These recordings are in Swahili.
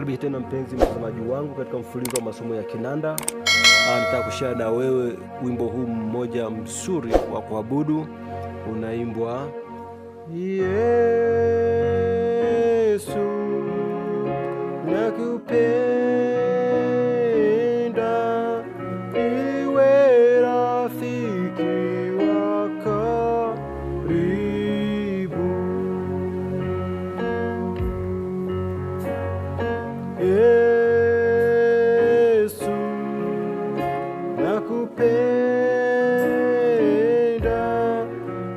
Karibu tena mpenzi mtazamaji wangu katika mfululizo wa masomo ya kinanda. Ah, nataka kushare na wewe wimbo huu mmoja mzuri wa kuabudu, unaimbwa yeah. Yesu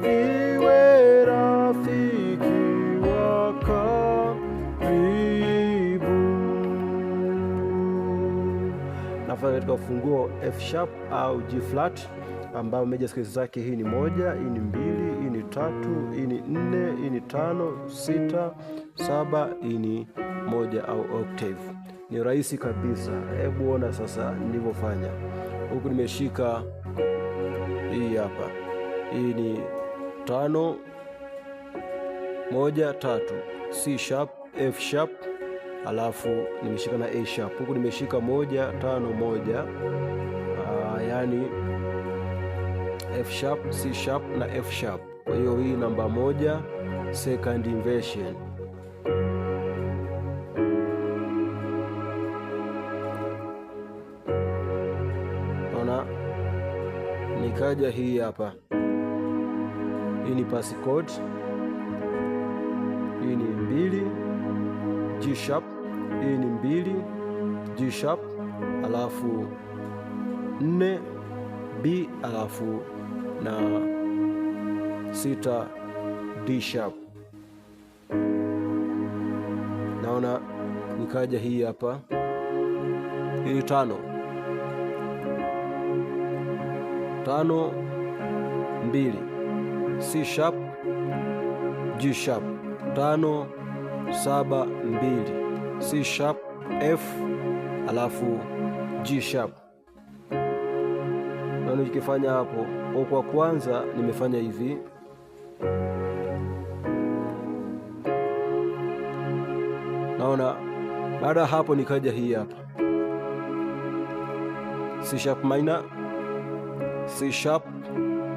iwe rafiki wa katika ufunguo F sharp au G flat ambayo meja skeli zake, hii ni moja, hii ni mbili, hii ni tatu, hii ni nne, hii ni tano, sita, saba, hii ni moja au octave. Ni rahisi kabisa. Hebu ona sasa nilivyofanya. Huku nimeshika hii hapa, hii ni tano moja tatu, C sharp, F sharp, alafu nimeshika na A sharp. Huku nimeshika moja tano moja, aa, ah, yani F sharp, C sharp na F sharp. Kwa hiyo hii namba moja second inversion ikaja hii hapa, hii ni passcode, hii ni mbili G sharp, hii ni mbili G sharp, alafu nne B, alafu na sita D sharp. Naona nikaja hii hapa, hii tano tano mbili C sharp G sharp tano saba mbili C sharp F alafu G sharp. Na nikifanya hapo kwa kwanza, nimefanya hivi naona. Baada hapo nikaja hii hapa C sharp minor C sharp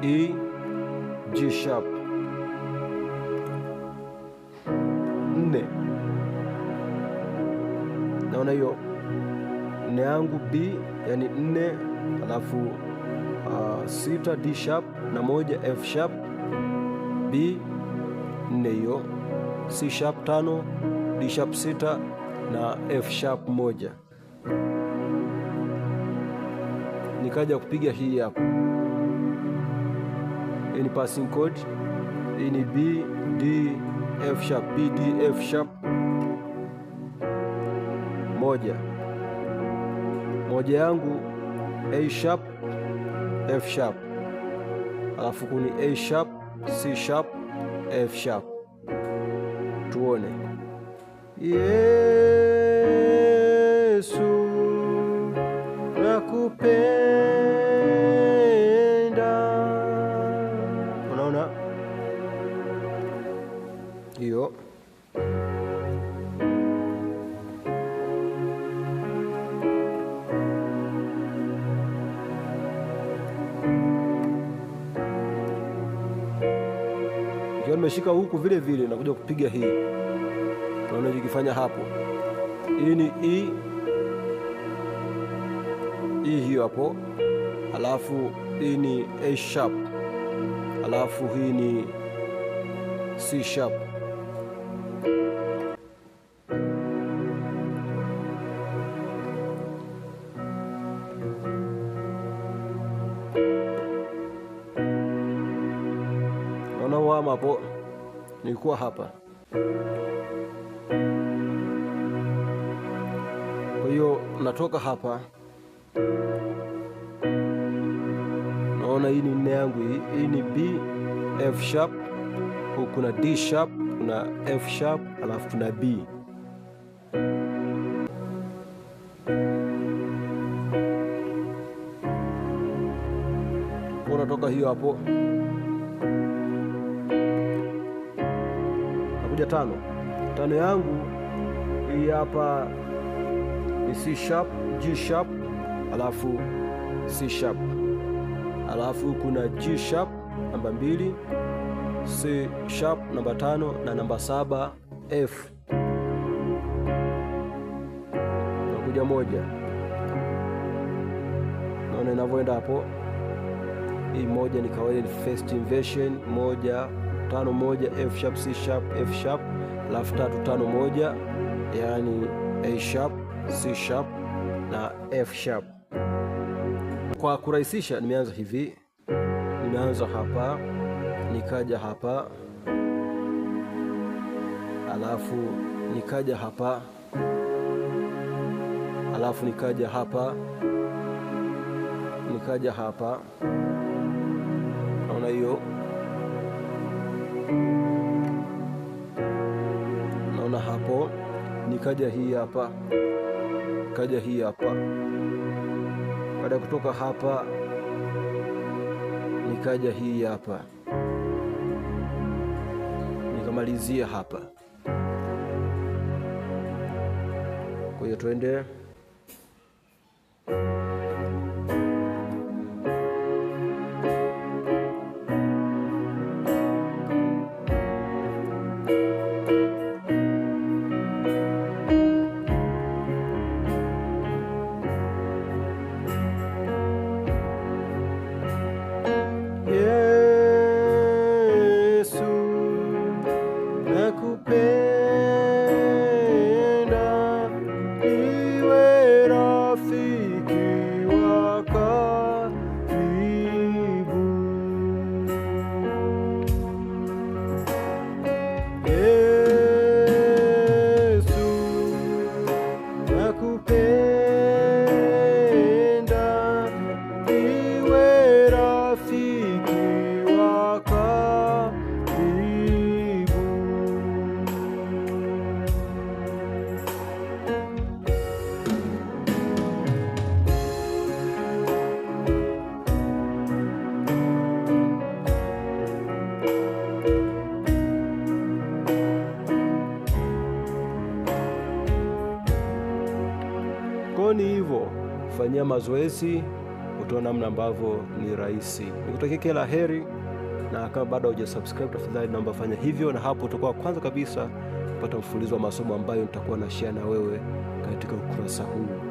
E G sharp. Nne naona hiyo nne yangu B, yani nne, alafu uh, sita D sharp na moja F sharp B nne hiyo C sharp tano D sharp sita na F sharp moja nikaja kupiga hii hapa. Hii ni passing chord, hii ni B D F sharp, B D F sharp moja moja yangu A sharp F sharp, alafu kuni A sharp C sharp F sharp. Tuone Yesu hiyo ikiwa nimeshika huku vile vile, nakuja kupiga hii, naona nikifanya hapo. Hii ni E, E hiyo hapo, alafu hii ni A sharp, alafu hii ni C sharp. nilikuwa hapa. Kwa hiyo natoka hapa, naona hii ni nne yangu, hii ni B F sharp, kuna D sharp, kuna F sharp, alafu kuna B. Kwa natoka hiyo hapo inakuja tano. Tano yangu hii hapa ni C sharp, G sharp, alafu C sharp, alafu kuna G sharp namba mbili, C sharp namba tano na namba saba F nakuja moja. Naona inavyoenda hapo. Hii moja ni kawaida, first inversion moja tano moja F sharp C sharp F sharp, alafu tatu tano moja yani A sharp C sharp na F sharp. Kwa kurahisisha, nimeanza hivi, nimeanza hapa nikaja hapa alafu nikaja hapa alafu nikaja hapa nikaja hapa, naona hiyo. nikaja hii hapa, kaja hii hapa. Baada ya kutoka hapa, nikaja hii hapa, nikamalizia hapa. Kwa hiyo tuendelee. kufanyia mazoezi, utaona namna ambavyo ni rahisi. Nikutakia kila heri, na kama bado hujasubscribe, tafadhali naomba fanya hivyo, na hapo utakuwa kwanza kabisa kupata mfululizo wa masomo ambayo nitakuwa na share na wewe katika ukurasa huu.